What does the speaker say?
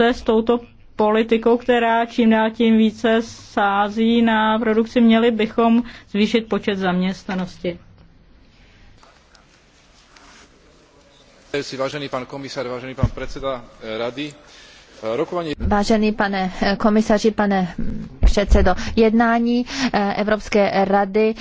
s touto politikou, která čím dál tím více sází na produkci, měli bychom zvýšit počet zaměstnanosti. Vážený pan komisar, vážený pan predseda eh, rady, eh, rokovaní. Vážený pane eh, komisaři, pane předsedo, jednání Evropské rady